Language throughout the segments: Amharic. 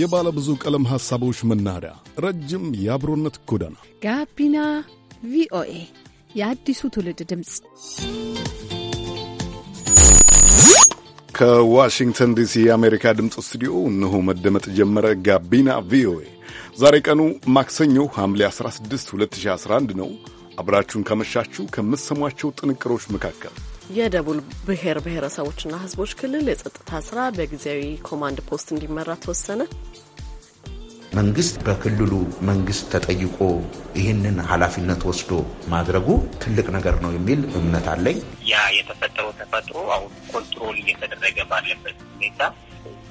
የባለ ብዙ ቀለም ሐሳቦች መናኸሪያ፣ ረጅም የአብሮነት ጎዳና፣ ጋቢና ቪኦኤ የአዲሱ ትውልድ ድምፅ ከዋሽንግተን ዲሲ የአሜሪካ ድምፅ ስቱዲዮ እነሆ መደመጥ ጀመረ። ጋቢና ቪኦኤ ዛሬ ቀኑ ማክሰኞ ሐምሌ 16 2011 ነው። አብራችሁን ከመሻችሁ ከምትሰሟቸው ጥንቅሮች መካከል የደቡብ ብሔር ብሔረሰቦችና ህዝቦች ክልል የጸጥታ ስራ በጊዜያዊ ኮማንድ ፖስት እንዲመራ ተወሰነ። መንግስት በክልሉ መንግስት ተጠይቆ ይህንን ኃላፊነት ወስዶ ማድረጉ ትልቅ ነገር ነው የሚል እምነት አለኝ። ያ የተፈጠረው ተፈጥሮ አሁን ኮንትሮል እየተደረገ ባለበት ሁኔታ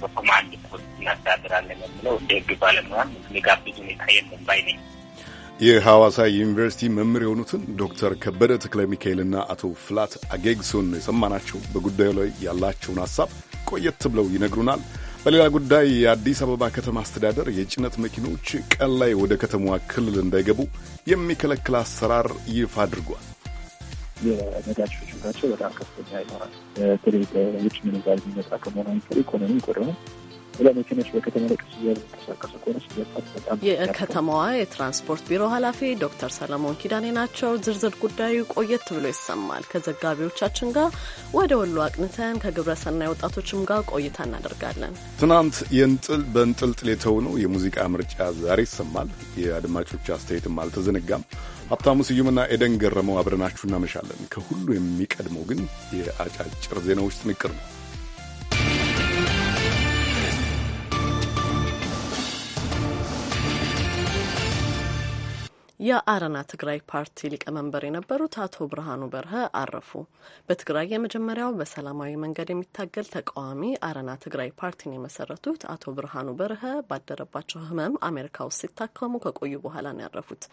በኮማንድ ፖስት እናስተዳድራለን የምለው እንደ ህግ ባለሙያ የሚጋብዝ ሁኔታ የለም ባይ ነኝ። የሐዋሳ ዩኒቨርሲቲ መምህር የሆኑትን ዶክተር ከበደ ተክለ ሚካኤልና አቶ ፍላት አጌግሶን የሰማናቸው በጉዳዩ ላይ ያላቸውን ሐሳብ ቆየት ብለው ይነግሩናል። በሌላ ጉዳይ የአዲስ አበባ ከተማ አስተዳደር የጭነት መኪኖች ቀን ላይ ወደ ከተማዋ ክልል እንዳይገቡ የሚከለክል አሰራር ይፋ አድርጓል። የነዳጅ ፍጆታቸው በጣም ከፍተኛ ይኖራል። በተለይ ውጭ ምንዛሪ የሚመጣ ከመሆኑ ኢኮኖሚ ቆደሆ ሌላ መኪኖች በከተማ ላይ ቀስ እያሉ ተንቀሳቀሱ ከሆነ በጣም የከተማዋ የትራንስፖርት ቢሮ ኃላፊ ዶክተር ሰለሞን ኪዳኔ ናቸው። ዝርዝር ጉዳዩ ቆየት ብሎ ይሰማል። ከዘጋቢዎቻችን ጋር ወደ ወሎ አቅንተን ከግብረሰናይ ወጣቶችም ጋር ቆይታ እናደርጋለን። ትናንት የንጥል በእንጥልጥል የተውነው የሙዚቃ ምርጫ ዛሬ ይሰማል። የአድማጮች አስተያየትም አልተዘነጋም። ሀብታሙ ስዩምና ኤደን ገረመው አብረናችሁ እናመሻለን። ከሁሉ የሚቀድመው ግን የአጫጭር ዜናዎች ጥንቅር ነው። የአረና ትግራይ ፓርቲ ሊቀመንበር የነበሩት አቶ ብርሃኑ በርሀ አረፉ። በትግራይ የመጀመሪያው በሰላማዊ መንገድ የሚታገል ተቃዋሚ አረና ትግራይ ፓርቲን የመሰረቱት አቶ ብርሃኑ በርሀ ባደረባቸው ሕመም አሜሪካ ውስጥ ሲታከሙ ከቆዩ በኋላ ነው ያረፉት።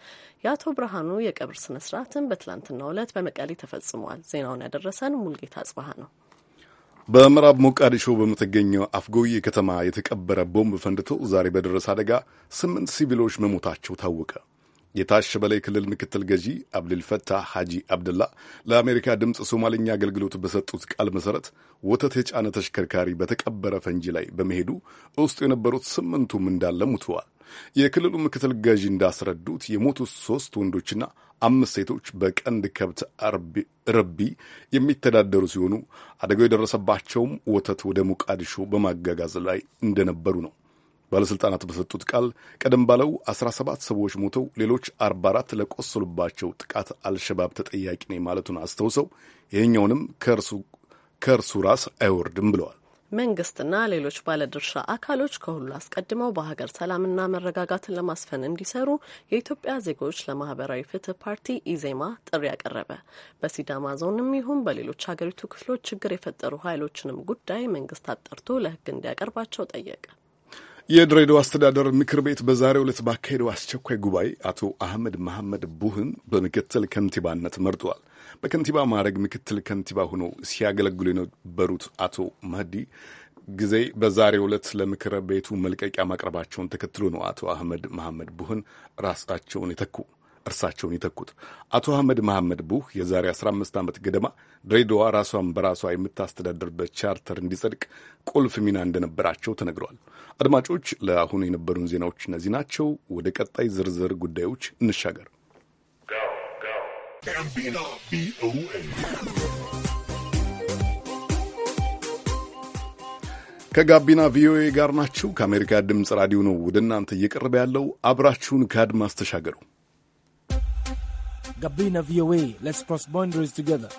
የአቶ ብርሃኑ የቀብር ስነ ስርዓትን በትላንትናው ዕለት በመቀሌ ተፈጽሟል። ዜናውን ያደረሰን ሙልጌታ ጽባሀ ነው። በምዕራብ ሞቃዲሾ በምትገኘው አፍጎዬ ከተማ የተቀበረ ቦምብ ፈንድቶ ዛሬ በደረሰ አደጋ ስምንት ሲቪሎች መሞታቸው ታወቀ። የታሸበላይ ክልል ምክትል ገዢ አብድልፈታህ ሐጂ አብደላ ለአሜሪካ ድምፅ ሶማሌኛ አገልግሎት በሰጡት ቃል መሠረት ወተት የጫነ ተሽከርካሪ በተቀበረ ፈንጂ ላይ በመሄዱ ውስጡ የነበሩት ስምንቱም እንዳለ ሙተዋል። የክልሉ ምክትል ገዢ እንዳስረዱት የሞቱት ሦስት ወንዶችና አምስት ሴቶች በቀንድ ከብት ረቢ የሚተዳደሩ ሲሆኑ አደጋው የደረሰባቸውም ወተት ወደ ሞቃዲሾ በማጋጋዝ ላይ እንደነበሩ ነው። ባለሥልጣናት በሰጡት ቃል ቀደም ባለው 17 ሰዎች ሞተው ሌሎች 44 ለቆሰሉባቸው ጥቃት አልሸባብ ተጠያቂ ነኝ ማለቱን አስተውሰው ይህኛውንም ከእርሱ ራስ አይወርድም ብለዋል። መንግስትና ሌሎች ባለድርሻ አካሎች ከሁሉ አስቀድመው በሀገር ሰላምና መረጋጋትን ለማስፈን እንዲሰሩ የኢትዮጵያ ዜጎች ለማህበራዊ ፍትህ ፓርቲ ኢዜማ ጥሪ ያቀረበ። በሲዳማ ዞንም ይሁን በሌሎች ሀገሪቱ ክፍሎች ችግር የፈጠሩ ኃይሎችንም ጉዳይ መንግስት አጣርቶ ለህግ እንዲያቀርባቸው ጠየቀ። የድሬዳዋ አስተዳደር ምክር ቤት በዛሬው ዕለት ባካሄደው አስቸኳይ ጉባኤ አቶ አህመድ መሐመድ ቡህን በምክትል ከንቲባነት መርጧል። በከንቲባ ማዕረግ ምክትል ከንቲባ ሆኖ ሲያገለግሉ የነበሩት አቶ መህዲ ጊዜ በዛሬው ዕለት ለምክር ቤቱ መልቀቂያ ማቅረባቸውን ተከትሎ ነው አቶ አህመድ መሐመድ ቡህን ራሳቸውን የተኩ እርሳቸውን ይተኩት። አቶ አህመድ መሐመድ ቡህ የዛሬ 15 ዓመት ገደማ ድሬዳዋ ራሷን በራሷ የምታስተዳድርበት ቻርተር እንዲጸድቅ ቁልፍ ሚና እንደነበራቸው ተነግረዋል። አድማጮች፣ ለአሁኑ የነበሩን ዜናዎች እነዚህ ናቸው። ወደ ቀጣይ ዝርዝር ጉዳዮች እንሻገር። ከጋቢና ቪኦኤ ጋር ናችሁ። ከአሜሪካ ድምፅ ራዲዮ ነው ወደ እናንተ እየቀረበ ያለው። አብራችሁን ከአድማስ ተሻገሩ። Gabina VOA. Let's cross boundaries together.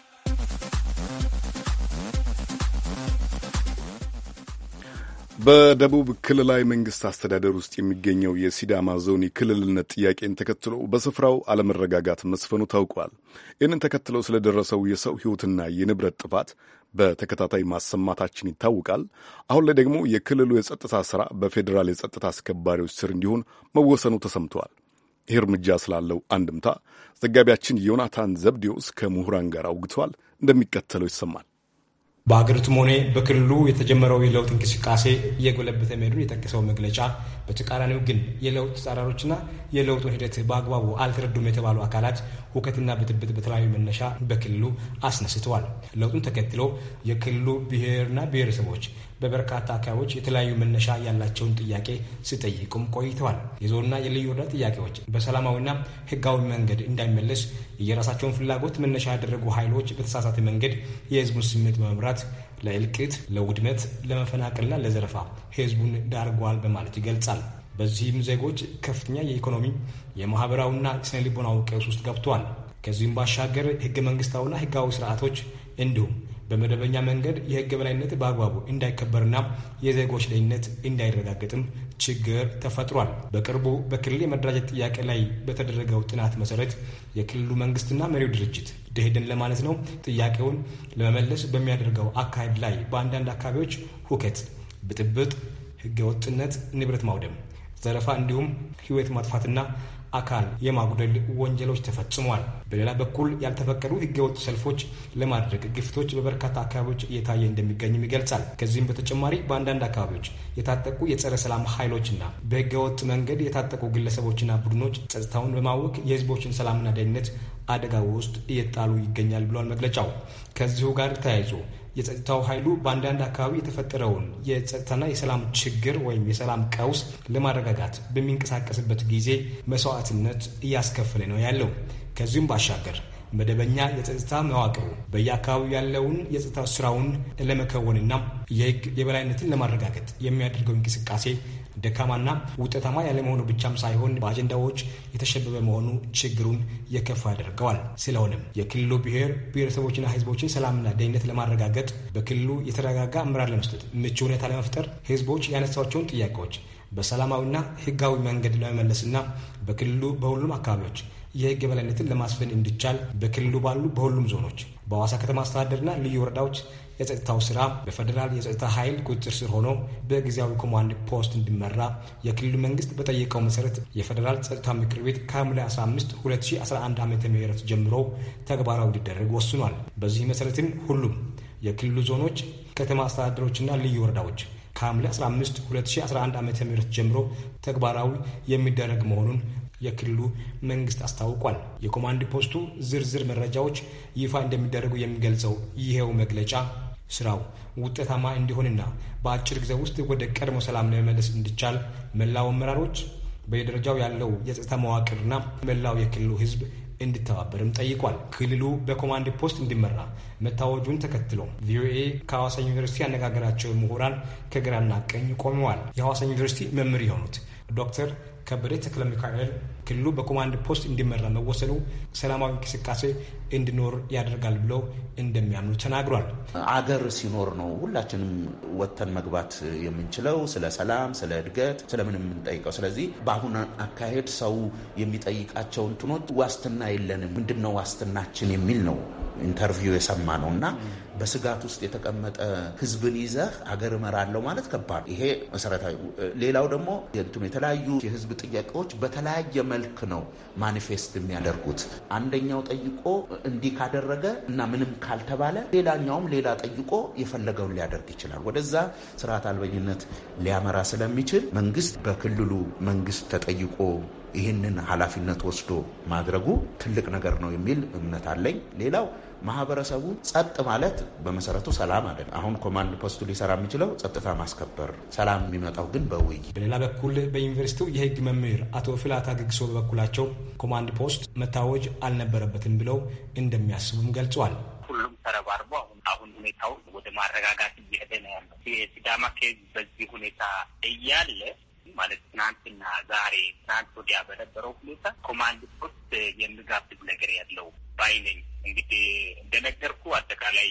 በደቡብ ክልላዊ መንግስት አስተዳደር ውስጥ የሚገኘው የሲዳማ ዞን የክልልነት ጥያቄን ተከትሎ በስፍራው አለመረጋጋት መስፈኑ ታውቋል። ይህንን ተከትለው ስለደረሰው የሰው ሕይወትና የንብረት ጥፋት በተከታታይ ማሰማታችን ይታወቃል። አሁን ላይ ደግሞ የክልሉ የጸጥታ ሥራ በፌዴራል የጸጥታ አስከባሪዎች ስር እንዲሆን መወሰኑ ተሰምተዋል። ይህ እርምጃ ስላለው አንድምታ ዘጋቢያችን ዮናታን ዘብዲዮስ ከምሁራን ጋር አውግተዋል፣ እንደሚከተለው ይሰማል። በሀገሪቱም ሆነ በክልሉ የተጀመረው የለውጥ እንቅስቃሴ እየጎለበተ መሄዱን የጠቀሰው መግለጫ በተቃራኒው ግን የለውጥ ተጻራሪዎችና የለውጡን ሂደት በአግባቡ አልተረዱም የተባሉ አካላት ሁከትና ብጥብጥ በተለያዩ መነሻ በክልሉ አስነስተዋል። ለውጡን ተከትሎ የክልሉ ብሔርና ብሔረሰቦች በበርካታ አካባቢዎች የተለያዩ መነሻ ያላቸውን ጥያቄ ሲጠይቁም ቆይተዋል። የዞንና የልዩ ወረዳ ጥያቄዎች በሰላማዊና ሕጋዊ መንገድ እንዳይመለስ የራሳቸውን ፍላጎት መነሻ ያደረጉ ኃይሎች በተሳሳተ መንገድ የሕዝቡን ስሜት በመምራት ለእልቅት፣ ለውድመት፣ ለመፈናቀልና ለዘረፋ ሕዝቡን ዳርጓል በማለት ይገልጻል። በዚህም ዜጎች ከፍተኛ የኢኮኖሚ የማህበራዊና ስነ ልቦናዊ ቀውስ ውስጥ ገብቷል። ከዚህም ባሻገር ህገ መንግስታዊና ህጋዊ ስርዓቶች እንዲሁም በመደበኛ መንገድ የህግ በላይነት በአግባቡ እንዳይከበርና የዜጎች ደህንነት እንዳይረጋገጥም ችግር ተፈጥሯል። በቅርቡ በክልል የመደራጀት ጥያቄ ላይ በተደረገው ጥናት መሰረት የክልሉ መንግስትና መሪው ድርጅት ደሄድን ለማለት ነው ጥያቄውን ለመመለስ በሚያደርገው አካሄድ ላይ በአንዳንድ አካባቢዎች ሁከት፣ ብጥብጥ፣ ህገወጥነት ንብረት ማውደም ዘረፋ እንዲሁም ህይወት ማጥፋትና አካል የማጉደል ወንጀሎች ተፈጽሟል። በሌላ በኩል ያልተፈቀዱ ህገወጥ ሰልፎች ለማድረግ ግፊቶች በበርካታ አካባቢዎች እየታየ እንደሚገኝም ይገልጻል። ከዚህም በተጨማሪ በአንዳንድ አካባቢዎች የታጠቁ የጸረ ሰላም ኃይሎችና በህገወጥ መንገድ የታጠቁ ግለሰቦችና ቡድኖች ጸጥታውን በማወክ የህዝቦችን ሰላምና ደህንነት አደጋ ውስጥ እየጣሉ ይገኛል ብሏል መግለጫው። ከዚሁ ጋር ተያይዞ የጸጥታው ኃይሉ በአንዳንድ አካባቢ የተፈጠረውን የጸጥታና የሰላም ችግር ወይም የሰላም ቀውስ ለማረጋጋት በሚንቀሳቀስበት ጊዜ መስዋዕትነት እያስከፈለ ነው ያለው። ከዚሁም ባሻገር መደበኛ የጸጥታ መዋቅሩ በየአካባቢው ያለውን የጸጥታ ስራውን ለመከወንና የሕግ የበላይነትን ለማረጋገጥ የሚያደርገው እንቅስቃሴ ደካማና ውጤታማ ያለመሆኑ ብቻም ሳይሆን በአጀንዳዎች የተሸበበ መሆኑ ችግሩን የከፋ ያደርገዋል። ስለሆነም የክልሉ ብሔር ብሔረሰቦችና ህዝቦችን ሰላምና ደህንነት ለማረጋገጥ በክልሉ የተረጋጋ አመራር ለመስጠት ምቹ ሁኔታ ለመፍጠር ህዝቦች ያነሳቸውን ጥያቄዎች በሰላማዊና ህጋዊ መንገድ ለመመለስና በክልሉ በሁሉም አካባቢዎች የህግ የበላይነትን ለማስፈን እንዲቻል በክልሉ ባሉ በሁሉም ዞኖች በአዋሳ ከተማ አስተዳደርና ልዩ ወረዳዎች የጸጥታው ስራ በፌዴራል የጸጥታ ኃይል ቁጥጥር ስር ሆኖ በጊዜያዊ ኮማንድ ፖስት እንዲመራ የክልሉ መንግስት በጠየቀው መሰረት የፌዴራል ጸጥታ ምክር ቤት ከሐምሌ 15 2011 ዓ ም ጀምሮ ተግባራዊ እንዲደረግ ወስኗል። በዚህ መሰረትም ሁሉም የክልሉ ዞኖች፣ ከተማ አስተዳደሮችና ልዩ ወረዳዎች ከሐምሌ 15 2011 ዓ ም ጀምሮ ተግባራዊ የሚደረግ መሆኑን የክልሉ መንግስት አስታውቋል። የኮማንድ ፖስቱ ዝርዝር መረጃዎች ይፋ እንደሚደረጉ የሚገልጸው ይሄው መግለጫ ስራው ውጤታማ እንዲሆንና በአጭር ጊዜ ውስጥ ወደ ቀድሞ ሰላም ለመመለስ እንዲቻል መላው አመራሮች፣ በየደረጃው ያለው የጸጥታ መዋቅርና መላው የክልሉ ህዝብ እንዲተባበርም ጠይቋል። ክልሉ በኮማንድ ፖስት እንዲመራ መታወጁን ተከትሎ ቪኦኤ ከሐዋሳ ዩኒቨርሲቲ ያነጋገራቸው ምሁራን ከግራና ቀኝ ቆመዋል። የሐዋሳ ዩኒቨርሲቲ መምህር የሆኑት ዶክተር ከበደ ተክለ ሚካኤል ክልሉ በኮማንድ ፖስት እንዲመራ መወሰኑ ሰላማዊ እንቅስቃሴ እንዲኖር ያደርጋል ብለው እንደሚያምኑ ተናግሯል። አገር ሲኖር ነው ሁላችንም ወጥተን መግባት የምንችለው ስለ ሰላም፣ ስለ እድገት፣ ስለምንም የምንጠይቀው። ስለዚህ በአሁን አካሄድ ሰው የሚጠይቃቸው እንትኖች ዋስትና የለንም። ምንድን ነው ዋስትናችን የሚል ነው ኢንተርቪው የሰማ ነው እና በስጋት ውስጥ የተቀመጠ ህዝብን ይዘህ አገር እመራለሁ ማለት ከባድ፣ ይሄ መሰረታዊ። ሌላው ደግሞ የእንትኑ የተለያዩ የህዝብ ጥያቄዎች በተለያየ መልክ ነው ማኒፌስት የሚያደርጉት። አንደኛው ጠይቆ እንዲህ ካደረገ እና ምንም ካልተባለ ሌላኛውም ሌላ ጠይቆ የፈለገውን ሊያደርግ ይችላል። ወደዛ ስርዓት አልበኝነት ሊያመራ ስለሚችል መንግስት በክልሉ መንግስት ተጠይቆ ይህንን ኃላፊነት ወስዶ ማድረጉ ትልቅ ነገር ነው የሚል እምነት አለኝ። ሌላው ማህበረሰቡ ጸጥ ማለት በመሰረቱ ሰላም አለ። አሁን ኮማንድ ፖስቱ ሊሰራ የሚችለው ጸጥታ ማስከበር፣ ሰላም የሚመጣው ግን በውይይት። በሌላ በኩል በዩኒቨርሲቲው የህግ መምህር አቶ ፍላታ ግግሶ በበኩላቸው ኮማንድ ፖስት መታወጅ አልነበረበትም ብለው እንደሚያስቡም ገልጿል። ሁሉም ተረባርቦ አሁን ሁኔታው ወደ ማረጋጋት እየሄደ ነው ያለው። የሲዳማ ኬዝ በዚህ ሁኔታ እያለ ማለት ትናንትና ዛሬ ትናንት ወዲያ በነበረው ሁኔታ ኮማንድ ፖስት የምጋብዝ ነገር ያለው ባይነኝ እንግዲህ እንደነገርኩ አጠቃላይ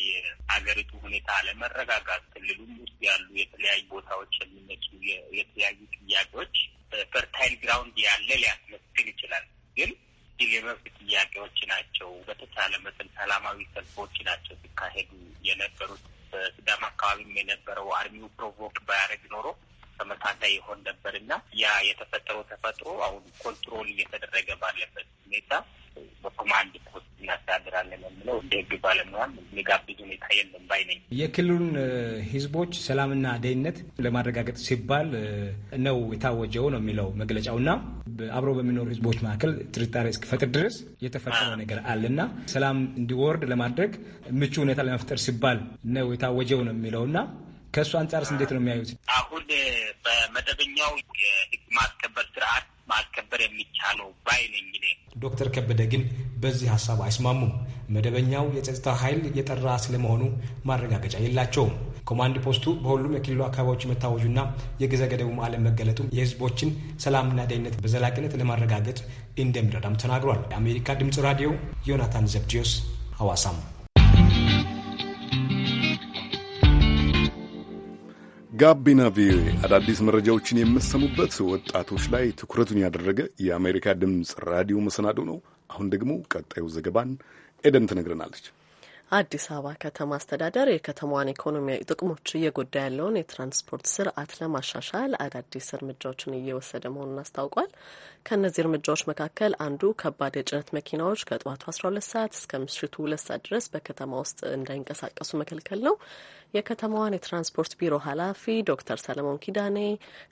ሀገሪቱ ሁኔታ አለመረጋጋት፣ ክልሉም ውስጥ ያሉ የተለያዩ ቦታዎች የሚነሱ የተለያዩ ጥያቄዎች ፈርታይል ግራውንድ ያለ ሊያስመስል ይችላል ግን ሲል የመብት ጥያቄዎች ናቸው። በተቻለ መጠን ሰላማዊ ሰልፎች ናቸው ሲካሄዱ የነበሩት። በስዳም አካባቢም የነበረው አርሚው ፕሮቮክ ባያደርግ ኖሮ ተመሳሳይ ይሆን ነበር እና ያ የተፈጠረው ተፈጥሮ አሁን ኮንትሮል እየተደረገ ባለበት ሁኔታ በኮማንድ ፖስት እናስተዳድራለን የምለው እንደ ህግ ባለሙያም የሚጋብዝ ሁኔታ የለም ባይ ነኝ። የክልሉን ህዝቦች ሰላምና ደህንነት ለማረጋገጥ ሲባል ነው የታወጀው ነው የሚለው መግለጫውና አብሮ በሚኖሩ ህዝቦች መካከል ጥርጣሬ እስኪፈጥር ድረስ የተፈጠረ ነገር አለና ሰላም እንዲወርድ ለማድረግ ምቹ ሁኔታ ለመፍጠር ሲባል ነው የታወጀው ነው የሚለውና ከእሱ አንጻርስ እንዴት ነው የሚያዩት? አሁን በመደበኛው የህግ ማስከበር ስርዓት ማስከበር የሚቻለው ባይ ዶክተር ከበደ ግን በዚህ ሀሳብ አይስማሙም። መደበኛው የጸጥታ ኃይል የጠራ ስለመሆኑ ማረጋገጫ የላቸውም። ኮማንድ ፖስቱ በሁሉም የክልሉ አካባቢዎች መታወጁና የጊዜ ገደቡ መገለጡ የህዝቦችን ሰላምና ደህንነት በዘላቂነት ለማረጋገጥ እንደሚረዳም ተናግሯል። የአሜሪካ ድምፅ ራዲዮ ዮናታን ዘብድዮስ ሐዋሳም ጋቢና ቪኦኤ አዳዲስ መረጃዎችን የምሰሙበት ወጣቶች ላይ ትኩረቱን ያደረገ የአሜሪካ ድምፅ ራዲዮ መሰናዶ ነው። አሁን ደግሞ ቀጣዩ ዘገባን ኤደን ትነግረናለች። አዲስ አበባ ከተማ አስተዳደር የከተማዋን ኢኮኖሚያዊ ጥቅሞች እየጎዳ ያለውን የትራንስፖርት ስርዓት ለማሻሻል አዳዲስ እርምጃዎችን እየወሰደ መሆኑን አስታውቋል። ከእነዚህ እርምጃዎች መካከል አንዱ ከባድ የጭነት መኪናዎች ከጠዋቱ አስራ ሁለት ሰዓት እስከ ምሽቱ ሁለት ሰዓት ድረስ በከተማ ውስጥ እንዳይንቀሳቀሱ መከልከል ነው። የከተማዋን የትራንስፖርት ቢሮ ኃላፊ ዶክተር ሰለሞን ኪዳኔ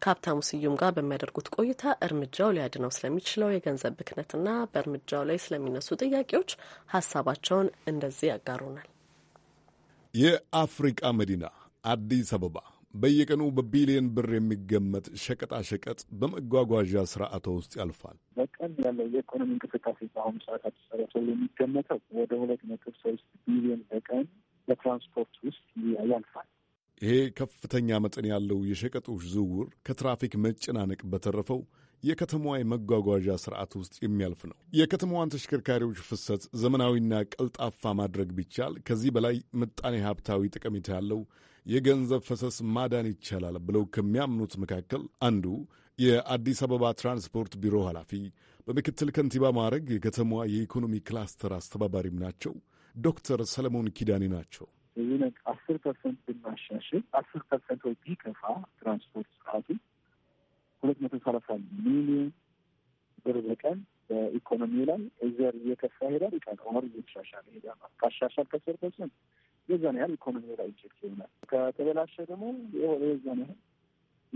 ከሀብታሙ ስዩም ጋር በሚያደርጉት ቆይታ እርምጃው ሊያድነው ስለሚችለው የገንዘብ ብክነትና በእርምጃው ላይ ስለሚነሱ ጥያቄዎች ሀሳባቸውን እንደዚህ ያጋሩናል። የአፍሪቃ መዲና አዲስ አበባ በየቀኑ በቢሊዮን ብር የሚገመት ሸቀጣሸቀጥ በመጓጓዣ ስርዓቷ ውስጥ ያልፋል። በቀን ያለው የኢኮኖሚ እንቅስቃሴ በአሁኑ ሰዓት አዲስ አበባ ተብሎ የሚገመተው ወደ ሁለት ነጥብ ሶስት ቢሊዮን በቀን በትራንስፖርት ውስጥ ያልፋል። ይሄ ከፍተኛ መጠን ያለው የሸቀጦች ዝውውር ከትራፊክ መጨናነቅ በተረፈው የከተማዋ የመጓጓዣ ስርዓት ውስጥ የሚያልፍ ነው። የከተማዋን ተሽከርካሪዎች ፍሰት ዘመናዊና ቀልጣፋ ማድረግ ቢቻል ከዚህ በላይ ምጣኔ ሀብታዊ ጠቀሜታ ያለው የገንዘብ ፈሰስ ማዳን ይቻላል ብለው ከሚያምኑት መካከል አንዱ የአዲስ አበባ ትራንስፖርት ቢሮ ኃላፊ በምክትል ከንቲባ ማዕረግ የከተማዋ የኢኮኖሚ ክላስተር አስተባባሪም ናቸው ዶክተር ሰለሞን ኪዳኔ ናቸው። አስር ፐርሰንት ብናሻሽል አስር ፐርሰንት ወይ ቢከፋ ትራንስፖርት ስርዓቱ ሁለት መቶ ሰላሳ ሚሊዮን ብር በቀን በኢኮኖሚ ላይ እዘር እየከፋ ሄዳል። ቀን ኦር እየተሻሻለ ሄዳል። ካሻሻል ከስር ፐርሰንት የዛን ያህል ኢኮኖሚ ላይ ኢንጀክት ይሆናል። ከተበላሸ ደግሞ የዛን ያህል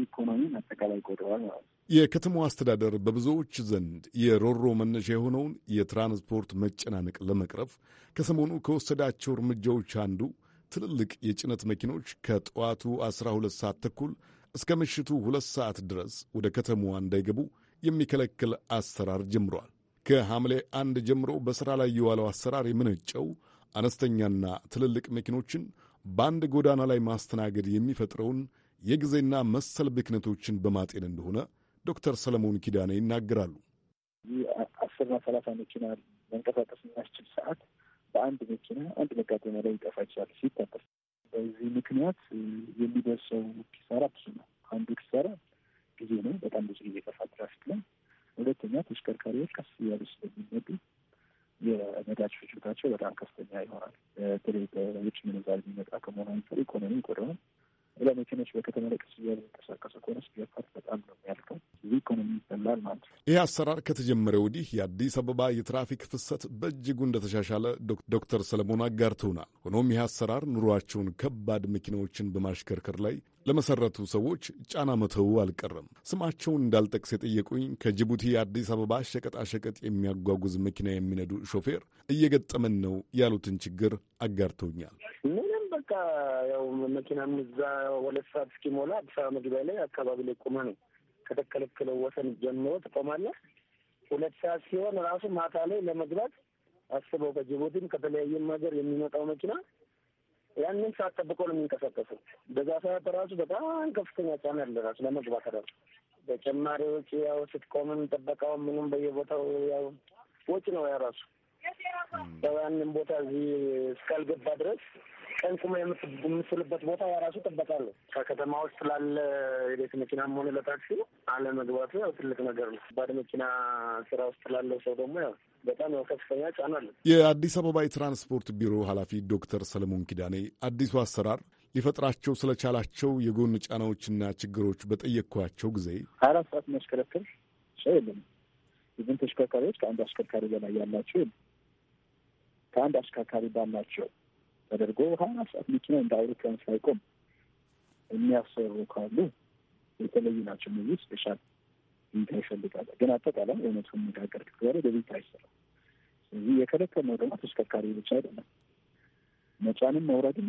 ኢኮኖሚን አጠቃላይ ጎድረዋል ማለት ነው። የከተማ አስተዳደር በብዙዎች ዘንድ የሮሮ መነሻ የሆነውን የትራንስፖርት መጨናነቅ ለመቅረፍ ከሰሞኑ ከወሰዳቸው እርምጃዎች አንዱ ትልልቅ የጭነት መኪኖች ከጠዋቱ 12 ሰዓት ተኩል እስከ ምሽቱ ሁለት ሰዓት ድረስ ወደ ከተማዋ እንዳይገቡ የሚከለክል አሰራር ጀምሯል። ከሐምሌ አንድ ጀምሮ በሥራ ላይ የዋለው አሰራር የመነጨው አነስተኛና ትልልቅ መኪኖችን በአንድ ጎዳና ላይ ማስተናገድ የሚፈጥረውን የጊዜና መሰል ብክነቶችን በማጤን እንደሆነ ዶክተር ሰለሞን ኪዳኔ ይናገራሉ። ይህ አስርና ሰላሳ መኪና መንቀሳቀስ የሚያስችል ሰዓት በአንድ መኪና አንድ መጋጠሚያ ላይ ይጠፋ ይችላል ሲታጠፍ። በዚህ ምክንያት የሚደርሰው ኪሳራ ብዙ ነው። አንዱ ኪሳራ ጊዜ ነው። በጣም ብዙ ጊዜ ይጠፋል ትራፊክ ላይ። ሁለተኛ ተሽከርካሪዎች ቀስ እያሉ ስለሚመጡ የነዳጅ ፍጆታቸው በጣም ከፍተኛ ይሆናል። በተለይ በውጭ ምንዛሪ የሚመጣ ከመሆኑ አንጻር ኢኮኖሚ ይጎዳዋል። ሌላ መኪኖች በከተማ ላይ ቀስ እያሉ የሚንቀሳቀሱ ከሆነ ስፔር ፓርት በጣም ነው የሚያልቀው። ብዙ ኢኮኖሚ ይበላል ማለት ነው። ይህ አሰራር ከተጀመረ ወዲህ የአዲስ አበባ የትራፊክ ፍሰት በእጅጉ እንደተሻሻለ ዶክተር ሰለሞን አጋርተውናል። ሆኖም ይህ አሰራር ኑሯቸውን ከባድ መኪናዎችን በማሽከርከር ላይ ለመሰረቱ ሰዎች ጫና መተው አልቀረም። ስማቸውን እንዳልጠቅስ የጠየቁኝ ከጅቡቲ የአዲስ አበባ ሸቀጣሸቀጥ የሚያጓጉዝ መኪና የሚነዱ ሾፌር እየገጠመን ነው ያሉትን ችግር አጋርተውኛል። በቃ ያው መኪና እዛ ሁለት ሰዓት እስኪሞላ አዲስ አበባ መግቢያ ላይ አካባቢ ላይ ቁመ ነው ከተከለከለው ወሰን ጀምሮ ትቆማለህ። ሁለት ሰዓት ሲሆን ራሱ ማታ ላይ ለመግባት አስበው ከጅቡቲም ከተለያየም ሀገር የሚመጣው መኪና ያንን ሰዓት ጠብቆ ነው የሚንቀሳቀሰው። በዛ ሰዓት ራሱ በጣም ከፍተኛ ጫና አለ ራሱ ለመግባት ራሱ ተጨማሪ ወጪ ያው ስትቆምም ጥበቃው ምንም በየቦታው ያው ወጪ ነው ያ ራሱ ያንን ቦታ እዚህ እስካልገባ ድረስ ቀን ስሞ የምስልበት ቦታ የራሱ ጥበቃ አለው። ከከተማ ውስጥ ላለ የቤት መኪናም ሆነ ለታክሲ አለመግባቱ ያው ትልቅ ነገር ነው። ባድ መኪና ስራ ውስጥ ላለው ሰው ደግሞ ያው በጣም ያው ከፍተኛ ጫና አለ። የአዲስ አበባ የትራንስፖርት ቢሮ ኃላፊ ዶክተር ሰለሞን ኪዳኔ አዲሱ አሰራር ሊፈጥራቸው ስለቻላቸው የጎን ጫናዎችና ችግሮች በጠየቅኳቸው ጊዜ ሀያ አራት ሰዓት የሚያሽከረክር ሰው የለም። ብዙም ተሽከርካሪዎች ከአንድ አሽከርካሪ በላይ ያላቸው የለም። ከአንድ አሽከርካሪ ባላቸው ተደርጎ ሀያ አራት ሰዓት መኪና እንደ አውሮፕላን ሳይቆም የሚያሰሩ ካሉ የተለዩ ናቸው። ነዚ ስፔሻል ቪዛ ይፈልጋለ። ግን አጠቃላይ እውነቱ የሚጋገር ከሆነ በቪዛ አይሰራም። ስለዚህ የከለከልነው ደግሞ ተሽከርካሪ ብቻ አይደለም፣ መጫንም መውረድም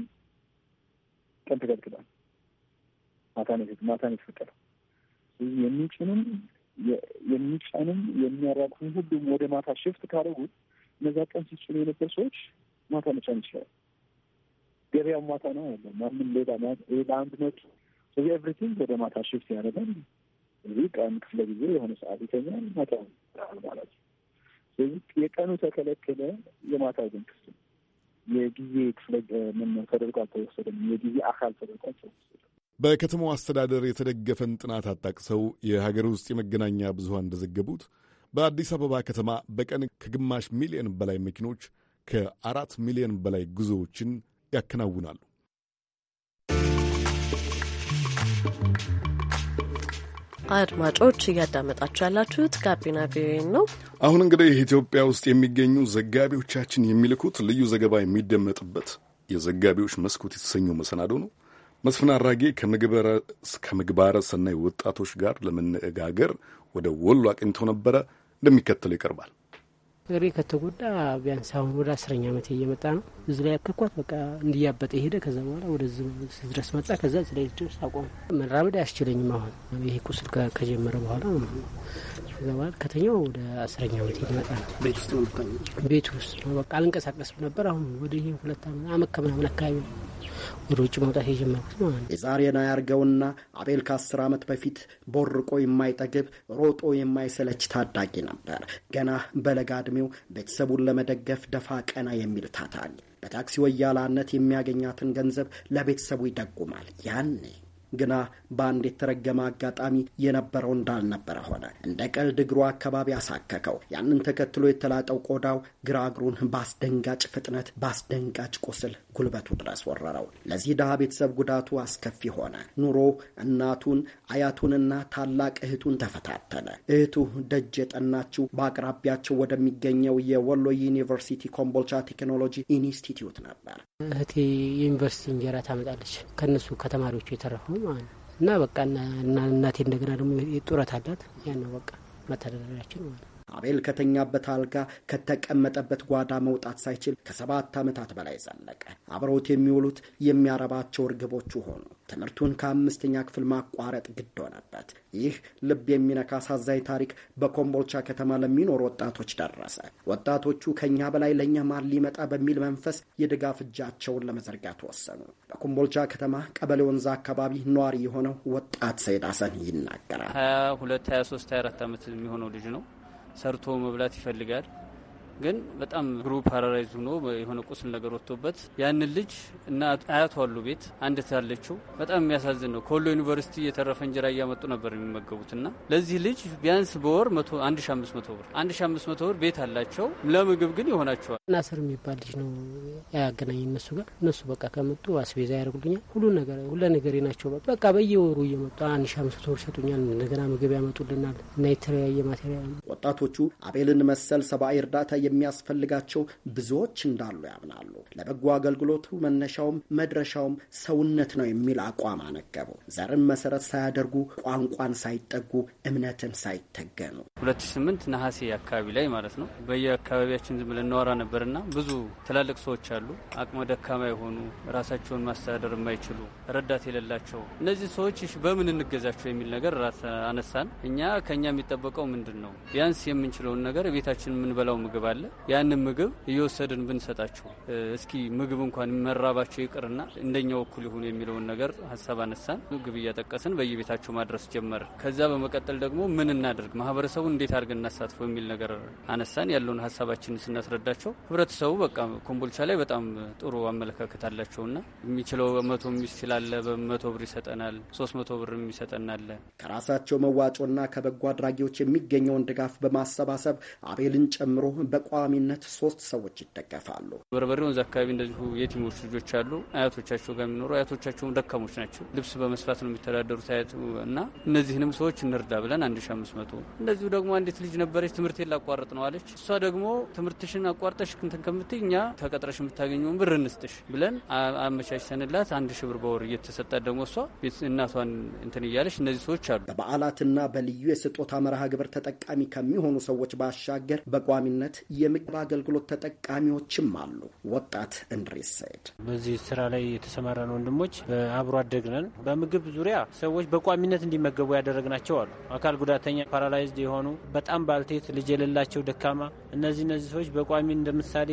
ቀን ተገልግሏል። ማታ ነው የተፈቀደው። ስለዚህ የሚጭንም የሚጫንም የሚያራቁም ሁሉም ወደ ማታ ሽፍት ካደረጉ እነዛ ቀን ሲጭኑ የነበር ሰዎች ማታ መጫን ይችላል። ገበያው ማታ ነው ያለ ማንም ሌላ ለአንድ ነጭ ስለዚህ ኤቭሪቲንግ ወደ ማታ ሽፍት ያደርጋል። ስለዚህ ቀን ክፍለ ጊዜ የሆነ ሰዓት ይተኛል፣ ማታ ማለት ነው። ስለዚህ የቀኑ ተከለከለ፣ የማታው ግን ክፍት ነው። የጊዜ ክፍለ ምነው ተደርጎ አልተወሰደም። የጊዜ አካል ተደርጎ አልተወሰደም። በከተማው አስተዳደር የተደገፈን ጥናት አጣቅሰው የሀገር ውስጥ የመገናኛ ብዙኃን እንደዘገቡት በአዲስ አበባ ከተማ በቀን ከግማሽ ሚሊዮን በላይ መኪኖች ከአራት ሚሊዮን በላይ ጉዞዎችን ያከናውናሉ። አድማጮች እያዳመጣችሁ ያላችሁት ጋቢና ቪኦኤ ነው። አሁን እንግዲህ ኢትዮጵያ ውስጥ የሚገኙ ዘጋቢዎቻችን የሚልኩት ልዩ ዘገባ የሚደመጥበት የዘጋቢዎች መስኮት የተሰኘው መሰናዶ ነው። መስፍን አራጌ ከምግባረ ሰናይ ወጣቶች ጋር ለመነጋገር ወደ ወሎ አቅኝቶ ነበረ። እንደሚከተለው ይቀርባል። እግሬ ከተጎዳ ቢያንስ አሁን ወደ አስረኛ ዓመት እየመጣ ነው። እዚ ላይ ያከኳት በቃ እንዲያበጠ ሄደ። ከዛ በኋላ ወደዚህ ድረስ መጣ። ከዛ እዚ ላይ ድረስ አቆም መራመድ አያስችለኝም። አሁን ይሄ ቁስል ከጀመረ በኋላ ከዛ በኋላ ከተኛው ወደ አስረኛ ዓመት እየመጣ ነው። ቤት ውስጥ ነው በቃ አልንቀሳቀስም ነበር። አሁን ወደ ሁለት ዓመት ከምናምን አካባቢ ነው ወደ ውጭ መውጣት የጀመርኩት ማለት ነው። የዛሬን አያርገውና አቤል ከአስር ዓመት በፊት ቦርቆ የማይጠግብ ሮጦ የማይሰለች ታዳጊ ነበር። ገና በለጋ ዕድሜው ቤተሰቡን ለመደገፍ ደፋ ቀና የሚል ታታሪ፣ በታክሲ ወያላነት የሚያገኛትን ገንዘብ ለቤተሰቡ ይደጉማል። ያኔ ግና በአንድ የተረገመ አጋጣሚ የነበረው እንዳልነበረ ሆነ። እንደ ቀልድ እግሩ አካባቢ አሳከከው። ያንን ተከትሎ የተላጠው ቆዳው ግራ እግሩን በአስደንጋጭ ፍጥነት፣ በአስደንጋጭ ቁስል ጉልበቱ ድረስ ወረረው። ለዚህ ድሃ ቤተሰብ ጉዳቱ አስከፊ ሆነ። ኑሮ እናቱን አያቱንና ታላቅ እህቱን ተፈታተነ። እህቱ ደጅ የጠናችው በአቅራቢያቸው ወደሚገኘው የወሎ ዩኒቨርሲቲ ኮምቦልቻ ቴክኖሎጂ ኢንስቲትዩት ነበር። እህቴ ዩኒቨርሲቲ እንጀራ ታመጣለች ከነሱ ከተማሪዎቹ የተረፈውን ማለት ነው እና በቃ እናቴ እንደገና ደግሞ ጡረት አላት ያን ነው በቃ መተዳደሪያችን ማለት ነው። አቤል ከተኛበት አልጋ ከተቀመጠበት ጓዳ መውጣት ሳይችል ከሰባት ዓመታት በላይ ዘለቀ። አብረውት የሚውሉት የሚያረባቸው እርግቦቹ ሆኑ። ትምህርቱን ከአምስተኛ ክፍል ማቋረጥ ግድ ሆነበት። ይህ ልብ የሚነካ አሳዛኝ ታሪክ በኮምቦልቻ ከተማ ለሚኖሩ ወጣቶች ደረሰ። ወጣቶቹ ከእኛ በላይ ለእኛ ማን ሊመጣ በሚል መንፈስ የድጋፍ እጃቸውን ለመዘርጋት ወሰኑ። በኮምቦልቻ ከተማ ቀበሌ ወንዝ አካባቢ ነዋሪ የሆነው ወጣት ሰይድ ሀሰን ይናገራል። ሀያ ሁለት ሀያ ሶስት ሀያ አራት ዓመት የሚሆነው ልጅ ነው ሰርቶ መብላት ይፈልጋል። ግን በጣም ግሩ ፓራላይዝ ሆኖ የሆነ ቁስል ነገር ወጥቶበት ያንን ልጅ እና አያት አሉ ቤት አንድ ታለችው። በጣም የሚያሳዝን ነው። ከወሎ ዩኒቨርሲቲ የተረፈ እንጀራ እያመጡ ነበር የሚመገቡት እና ለዚህ ልጅ ቢያንስ በወር 1500 ብር 1500 ብር ቤት አላቸው። ለምግብ ግን ይሆናቸዋል። ናስር የሚባል ልጅ ነው ያገናኝ እነሱ ጋር እነሱ በቃ ከመጡ አስቤዛ ያደርጉልኛል። ሁሉ ነገር ሁለ ነገር ናቸው። በቃ በየወሩ እየመጡ አንድ ሺ አምስት ብር ይሰጡኛል። እንደገና ምግብ ያመጡልናል እና የተለያየ ማቴሪያል ወጣቶቹ አቤልን መሰል ሰብአዊ እርዳታ የሚያስፈልጋቸው ብዙዎች እንዳሉ ያምናሉ። ለበጎ አገልግሎቱ መነሻውም መድረሻውም ሰውነት ነው የሚል አቋም አነገቡ። ዘርን መሰረት ሳያደርጉ ቋንቋን ሳይጠጉ እምነትን ሳይተገኑ 2008 ነሐሴ አካባቢ ላይ ማለት ነው በየአካባቢያችን ዝም ብለን እናወራ ነበርና ብዙ ትላልቅ ሰዎች አሉ፣ አቅመ ደካማ የሆኑ ራሳቸውን ማስተዳደር የማይችሉ ረዳት የሌላቸው እነዚህ ሰዎች በምን እንገዛቸው የሚል ነገር ራስ አነሳን። እኛ ከኛ የሚጠበቀው ምንድን ነው? ቢያንስ የምንችለውን ነገር ቤታችን የምንበላው ምግብ አለ። ያንን ምግብ እየወሰድን ብንሰጣቸው እስኪ ምግብ እንኳን መራባቸው ይቅርና እንደኛው እኩል ይሁን የሚለውን ነገር ሀሳብ አነሳን። ምግብ እያጠቀስን በየቤታቸው ማድረስ ጀመር ከዛ በመቀጠል ደግሞ ምን እናደርግ፣ ማህበረሰቡን እንዴት አድርገን እናሳትፈው የሚል ነገር አነሳን። ያለውን ሀሳባችን ስናስረዳቸው ህብረተሰቡ በቃ ኮምቦልቻ ላይ በጣም ጥሩ አመለካከት አላቸውና የሚችለው መቶ የሚችል በመቶ ብር ይሰጠናል፣ ሶስት መቶ ብር ይሰጠናለ። ከራሳቸው መዋጮና ከበጎ አድራጊዎች የሚገኘውን ድጋፍ በማሰባሰብ አቤልን ጨምሮ በቋሚነት ሶስት ሰዎች ይደገፋሉ። በርበሬ ወንዝ አካባቢ እንደዚሁ የቲሞች ልጆች አሉ። አያቶቻቸው ጋር የሚኖሩ አያቶቻቸውም ደካሞች ናቸው። ልብስ በመስፋት ነው የሚተዳደሩት አያቱ እና እነዚህንም ሰዎች እንርዳ ብለን አንድ ሺ አምስት መቶ እንደዚሁ ደግሞ አንዲት ልጅ ነበረች ትምህርት ላቋረጥ ነው አለች። እሷ ደግሞ ትምህርትሽን አቋርጠሽ እንትን ከምትይ እኛ ተቀጥረሽ የምታገኘውን ብር እንስጥሽ ብለን አመቻችተንላት አንድ ሺ ብር በወር እየተሰጣት ደግሞ እሷ እናቷን እንትን እያለች እነዚህ ሰዎች አሉ። በበዓላትና በልዩ የስጦታ መርሃ ግብር ተጠቃሚ ከሚሆኑ ሰዎች ባሻገር በቋሚነት የምግብ አገልግሎት ተጠቃሚዎችም አሉ። ወጣት እንድሪስ ሰይድ በዚህ ስራ ላይ የተሰማራን ወንድሞች አብሮ አደግነን በምግብ ዙሪያ ሰዎች በቋሚነት እንዲመገቡ ያደረግናቸው አሉ። አካል ጉዳተኛ፣ ፓራላይዝድ የሆኑ በጣም ባልቴት፣ ልጅ የሌላቸው ደካማ፣ እነዚህ እነዚህ ሰዎች በቋሚ እንደምሳሌ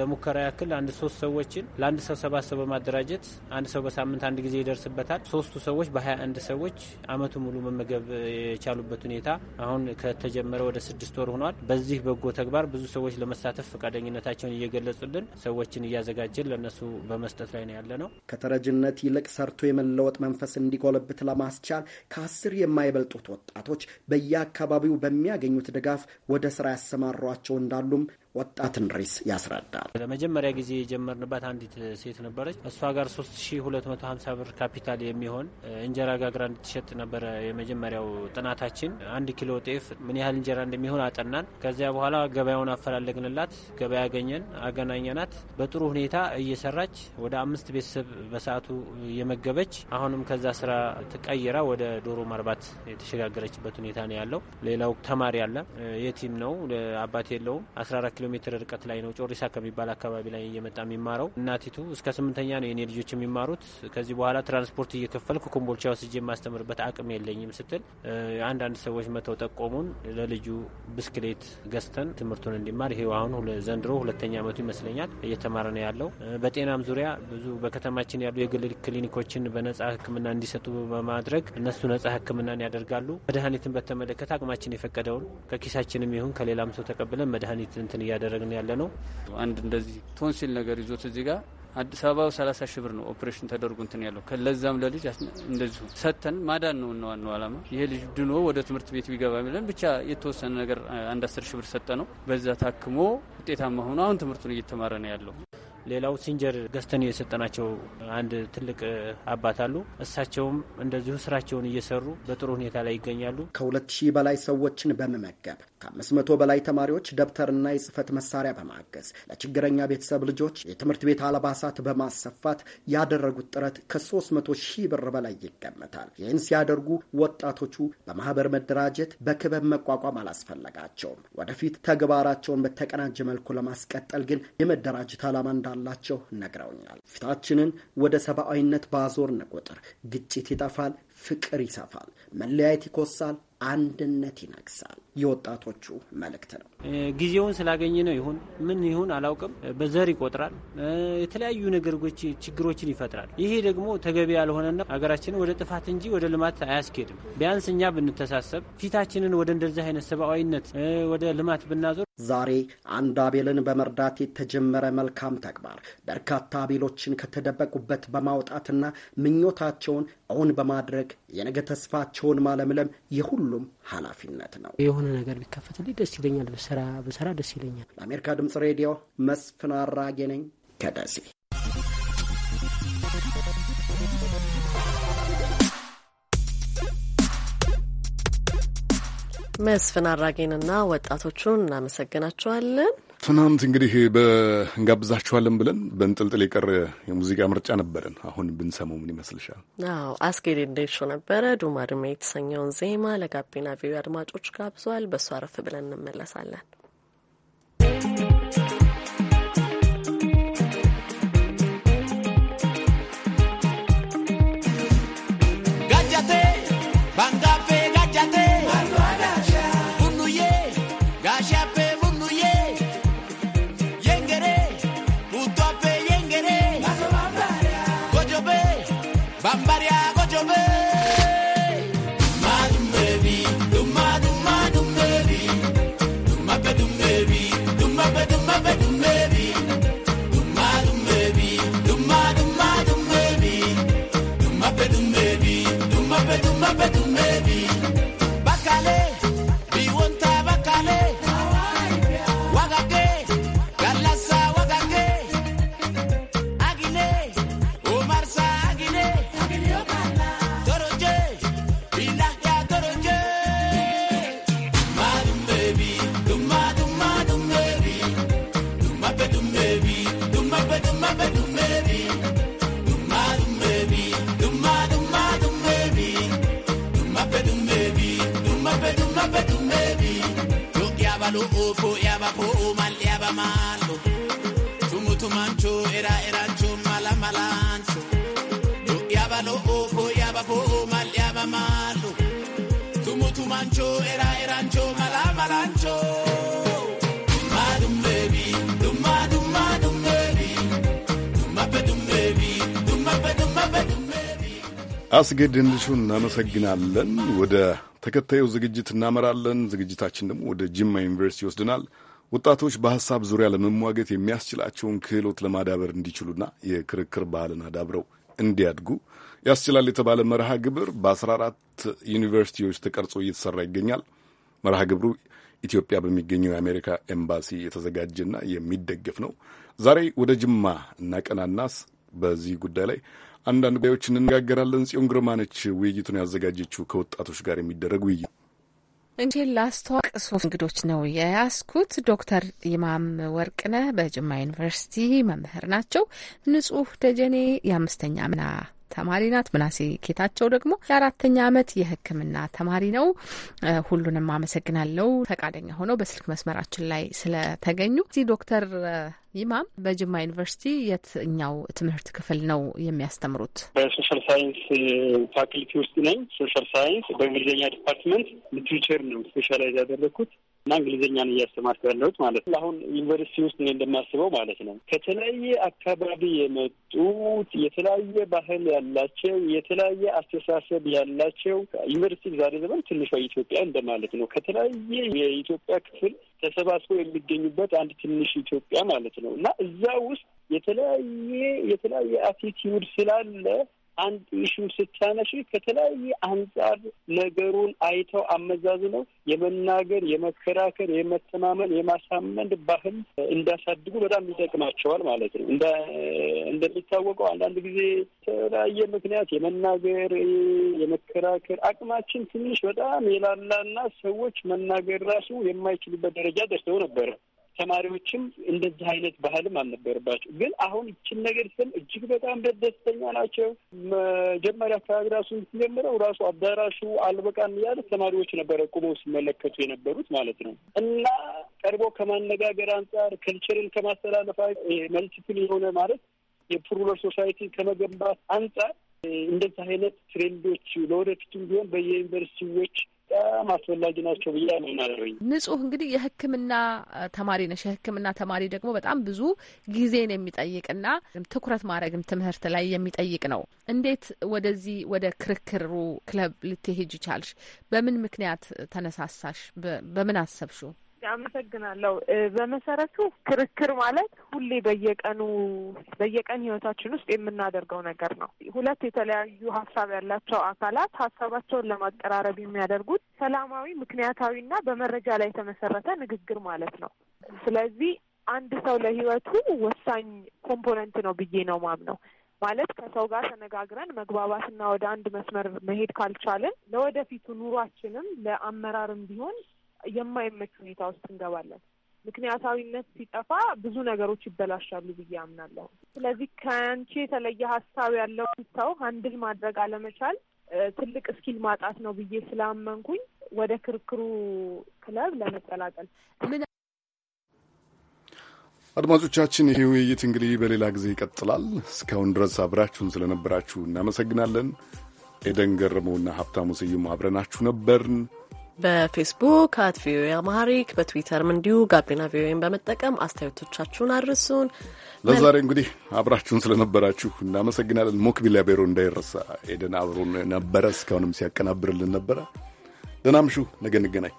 ለሙከራ ያክል አንድ ሶስት ሰዎችን ለአንድ ሰው ሰባት ሰው በማደራጀት አንድ ሰው በሳምንት አንድ ጊዜ ይደርስበታል። ሶስቱ ሰዎች በ21 ሰዎች አመቱ ሙሉ መመገብ የቻሉበት ሁኔታ አሁን ከተጀመረ ወደ ስድስት ወር ሆኗል። በዚህ በጎ ተግባር ብዙ ሰዎች ለመሳተፍ ፈቃደኝነታቸውን እየገለጹልን ሰዎችን እያዘጋጀን ለእነሱ በመስጠት ላይ ነው ያለ ነው። ከተረጅነት ይልቅ ሰርቶ የመለወጥ መንፈስ እንዲጎለብት ለማስቻል ከአስር የማይበልጡት ወጣቶች በየአካባቢው በሚያገኙት ድጋፍ ወደ ስራ ያሰማሯቸው እንዳሉም ወጣትን እንድሪስ ያስረዳል። ለመጀመሪያ ጊዜ የጀመርንባት አንዲት ሴት ነበረች። እሷ ጋር 3250 ብር ካፒታል የሚሆን እንጀራ ጋግራ እንድትሸጥ ነበረ የመጀመሪያው ጥናታችን። አንድ ኪሎ ጤፍ ምን ያህል እንጀራ እንደሚሆን አጠናን። ከዚያ በኋላ ገበያውን አፈላለግንላት፣ ገበያ ያገኘን፣ አገናኘናት። በጥሩ ሁኔታ እየሰራች ወደ አምስት ቤተሰብ በሰዓቱ እየመገበች አሁንም ከዛ ስራ ተቀይራ ወደ ዶሮ ማርባት የተሸጋገረችበት ሁኔታ ነው ያለው። ሌላው ተማሪ አለ፣ የቲም ነው፣ አባት የለውም። 14 ኪሎ ሜትር ርቀት ላይ ነው ጮሪሳ ከሚባል አካባቢ ላይ እየመጣ የሚማረው። እናቲቱ እስከ ስምንተኛ ነው የኔ ልጆች የሚማሩት። ከዚህ በኋላ ትራንስፖርት እየከፈልኩ ኮምቦልቻ ወስጄ የማስተምርበት አቅም የለኝም ስትል አንዳንድ ሰዎች መተው ጠቆሙን። ለልጁ ብስክሌት ገዝተን ትምህርቱን እንዲማር ይሄው አሁን ዘንድሮ ሁለተኛ አመቱ ይመስለኛል እየተማረ ነው ያለው። በጤናም ዙሪያ ብዙ በከተማችን ያሉ የግል ክሊኒኮችን በነጻ ህክምና እንዲሰጡ በማድረግ እነሱ ነጻ ህክምናን ያደርጋሉ። መድኃኒትን በተመለከተ አቅማችን የፈቀደውን ከኪሳችንም ይሁን ከሌላም ሰው ተቀብለን መድኃኒት እንትን እያደረግን ያለ ነው። አንድ እንደዚህ ቶንሲል ነገር ይዞት እዚህ ጋር አዲስ አበባ ሰላሳ ሺህ ብር ነው ኦፕሬሽን ተደርጎ እንትን ያለው ከለዛም ለልጅ እንደዚሁ ሰተን ማዳን ነው ዋናው አላማ። ይሄ ልጅ ድኖ ወደ ትምህርት ቤት ቢገባ ሚለን ብቻ የተወሰነ ነገር አንድ አስር ሺህ ብር ሰጠ ነው። በዛ ታክሞ ውጤታማ ሆኖ አሁን ትምህርቱን እየተማረ ነው ያለው። ሌላው ሲንጀር ገዝተን የሰጠናቸው አንድ ትልቅ አባት አሉ። እሳቸውም እንደዚሁ ስራቸውን እየሰሩ በጥሩ ሁኔታ ላይ ይገኛሉ። ከሁለት ሺህ በላይ ሰዎችን በመመገብ ከአምስት መቶ በላይ ተማሪዎች ደብተርና የጽህፈት መሳሪያ በማገዝ ለችግረኛ ቤተሰብ ልጆች የትምህርት ቤት አልባሳት በማሰፋት ያደረጉት ጥረት ከ መቶ ሺህ ብር በላይ ይገመታል። ይህን ሲያደርጉ ወጣቶቹ በማህበር መደራጀት በክበብ መቋቋም አላስፈለጋቸውም። ወደፊት ተግባራቸውን በተቀናጀ መልኩ ለማስቀጠል ግን የመደራጀት ዓላማ እንዳላቸው ነግረውኛል። ፊታችንን ወደ ሰብአዊነት ባዞርን ቁጥር ግጭት ይጠፋል፣ ፍቅር ይሰፋል፣ መለያየት ይኮሳል፣ አንድነት ይነግሳል የወጣቶቹ መልእክት ነው። ጊዜውን ስላገኘ ነው ይሁን ምን ይሁን አላውቅም፣ በዘር ይቆጥራል፣ የተለያዩ ነገሮች ችግሮችን ይፈጥራል። ይሄ ደግሞ ተገቢ ያልሆነና ሀገራችንን ወደ ጥፋት እንጂ ወደ ልማት አያስኬድም። ቢያንስ እኛ ብንተሳሰብ ፊታችንን ወደ እንደዚህ አይነት ሰብአዊነት ወደ ልማት ብናዞር ዛሬ አንድ አቤልን በመርዳት የተጀመረ መልካም ተግባር በርካታ አቤሎችን ከተደበቁበት በማውጣትና ምኞታቸውን እውን በማድረግ የነገ ተስፋቸውን ማለምለም የሁሉም ኃላፊነት ነው። የሆነ ነገር ቢከፈትልኝ ደስ ይለኛል። በስራ በስራ ደስ ይለኛል። ለአሜሪካ ድምጽ ሬዲዮ መስፍን አራጌ ነኝ ከደሴ መስፍን አራጌንና ወጣቶቹን እናመሰግናቸዋለን። ትናንት እንግዲህ እንጋብዛችኋለን ብለን በንጥልጥል የቀረ የሙዚቃ ምርጫ ነበረን። አሁን ብንሰማው ምን ይመስልሻል? አዎ አስጌድ እንደሾ ነበረ። ዱማድሜ የተሰኘውን ዜማ ለጋቢና ቪዩ አድማጮች ጋብዟል። በእሱ አረፍ ብለን እንመለሳለን። አስገድን ልሹ እናመሰግናለን። ወደ ተከታዩ ዝግጅት እናመራለን። ዝግጅታችን ደግሞ ወደ ጅማ ዩኒቨርሲቲ ይወስድናል። ወጣቶች በሀሳብ ዙሪያ ለመሟገት የሚያስችላቸውን ክህሎት ለማዳበር እንዲችሉና የክርክር ባህልን አዳብረው እንዲያድጉ ያስችላል የተባለ መርሃ ግብር በ14 ዩኒቨርሲቲዎች ተቀርጾ እየተሰራ ይገኛል። መርሃ ግብሩ ኢትዮጵያ በሚገኘው የአሜሪካ ኤምባሲ የተዘጋጀና የሚደገፍ ነው። ዛሬ ወደ ጅማ እናቀናናስ በዚህ ጉዳይ ላይ አንዳንድ ጉዳዮች እንነጋገራለን። ጽዮን ግርማ ነች ውይይቱን ያዘጋጀችው ከወጣቶች ጋር የሚደረግ ውይይት እንጂ ላስተዋቅ ሶስት እንግዶች ነው የያስኩት። ዶክተር ይማም ወርቅነህ በጅማ ዩኒቨርሲቲ መምህር ናቸው። ንጹህ ደጀኔ የአምስተኛ ምና ተማሪ ናት። ምናሴ ጌታቸው ደግሞ የአራተኛ ዓመት የሕክምና ተማሪ ነው። ሁሉንም አመሰግናለሁ ፈቃደኛ ሆነው በስልክ መስመራችን ላይ ስለተገኙ። እዚህ ዶክተር ይማም በጅማ ዩኒቨርሲቲ የትኛው ትምህርት ክፍል ነው የሚያስተምሩት? በሶሻል ሳይንስ ፋክልቲ ውስጥ ነኝ። ሶሻል ሳይንስ በእንግሊዝኛ ዲፓርትመንት ሊትሬቸር ነው ስፔሻላይዝ ያደረግኩት። እና እንግሊዝኛን እያስተማርኩ ያለሁት ማለት ነው። አሁን ዩኒቨርሲቲ ውስጥ እኔ እንደማስበው ማለት ነው ከተለያየ አካባቢ የመጡት የተለያየ ባህል ያላቸው የተለያየ አስተሳሰብ ያላቸው ዩኒቨርሲቲ ዛሬ ዘመን ትንሿ ኢትዮጵያ እንደማለት ነው። ከተለያየ የኢትዮጵያ ክፍል ተሰባስበው የሚገኙበት አንድ ትንሽ ኢትዮጵያ ማለት ነው እና እዛ ውስጥ የተለያየ የተለያየ አቲቲዩድ ስላለ አንድ ኢሹ ስታነሽ ከተለያየ አንጻር ነገሩን አይተው አመዛዝነው የመናገር፣ የመከራከር፣ የመተማመን፣ የማሳመን ባህል እንዳሳድጉ በጣም ይጠቅማቸዋል ማለት ነው። እንደሚታወቀው አንዳንድ ጊዜ የተለያየ ምክንያት የመናገር፣ የመከራከር አቅማችን ትንሽ በጣም የላላና ሰዎች መናገር ራሱ የማይችሉበት ደረጃ ደርሰው ነበረ። ተማሪዎችም እንደዚህ አይነት ባህልም አልነበረባቸው። ግን አሁን ይችን ነገር ስም እጅግ በጣም ደስተኛ ናቸው። መጀመሪያ አካባቢ ራሱ ስጀምረው ራሱ አዳራሹ አልበቃም እያለ ተማሪዎች ነበረ ቁመው ሲመለከቱ የነበሩት ማለት ነው። እና ቀርቦ ከማነጋገር አንጻር ከልቸርን ከማስተላለፍ መልቲፕል የሆነ ማለት የፕሩለር ሶሳይቲ ከመገንባት አንጻር እንደዚህ አይነት ትሬንዶች ለወደፊቱም ቢሆን በየዩኒቨርሲቲዎች በጣም አስፈላጊ ናቸው ብዬ ምናለኝ። ንጹህ እንግዲህ የህክምና ተማሪ ነሽ። የህክምና ተማሪ ደግሞ በጣም ብዙ ጊዜን የሚጠይቅና ትኩረት ማድረግም ትምህርት ላይ የሚጠይቅ ነው። እንዴት ወደዚህ ወደ ክርክሩ ክለብ ልትሄጅ ይቻልሽ? በምን ምክንያት ተነሳሳሽ? በምን አሰብሽው? አመሰግናለሁ። በመሰረቱ ክርክር ማለት ሁሌ በየቀኑ በየቀን ህይወታችን ውስጥ የምናደርገው ነገር ነው። ሁለት የተለያዩ ሀሳብ ያላቸው አካላት ሀሳባቸውን ለማቀራረብ የሚያደርጉት ሰላማዊ፣ ምክንያታዊና በመረጃ ላይ የተመሰረተ ንግግር ማለት ነው። ስለዚህ አንድ ሰው ለህይወቱ ወሳኝ ኮምፖነንት ነው ብዬ ነው ማምነው። ማለት ከሰው ጋር ተነጋግረን መግባባትና ወደ አንድ መስመር መሄድ ካልቻልን ለወደፊቱ ኑሯችንም ለአመራርም ቢሆን የማይመች ሁኔታ ውስጥ እንገባለን። ምክንያታዊነት ሲጠፋ ብዙ ነገሮች ይበላሻሉ ብዬ አምናለሁ። ስለዚህ ከአንቺ የተለየ ሀሳብ ያለውን ሰው ሀንድል ማድረግ አለመቻል ትልቅ እስኪል ማጣት ነው ብዬ ስላመንኩኝ ወደ ክርክሩ ክለብ ለመቀላቀል አድማጮቻችን፣ ይህ ውይይት እንግዲህ በሌላ ጊዜ ይቀጥላል። እስካሁን ድረስ አብራችሁን ስለነበራችሁ እናመሰግናለን። ኤደን ገረመውና ሀብታሙ ስዩም አብረናችሁ ነበርን። በፌስቡክ አት ቪኦኤ አማሪክ በትዊተርም እንዲሁ ጋቢና ቪኦኤን በመጠቀም አስተያየቶቻችሁን አድርሱን። ለዛሬ እንግዲህ አብራችሁን ስለነበራችሁ እናመሰግናለን። ሞክቢላ ያቤሮ እንዳይረሳ ኤደን አብሮን ነበረ፣ እስካሁንም ሲያቀናብርልን ነበረ። ደናምሹ እምሹ፣ ነገ እንገናኝ።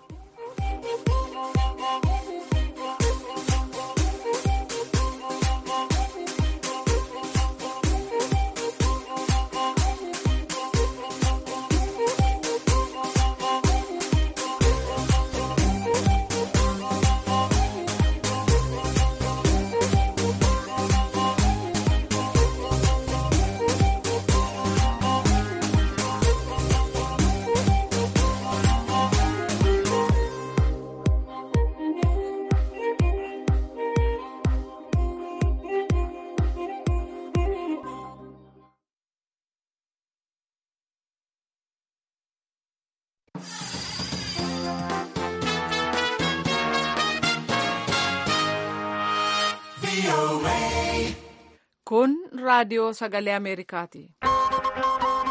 راډیو سږلی امریکا تی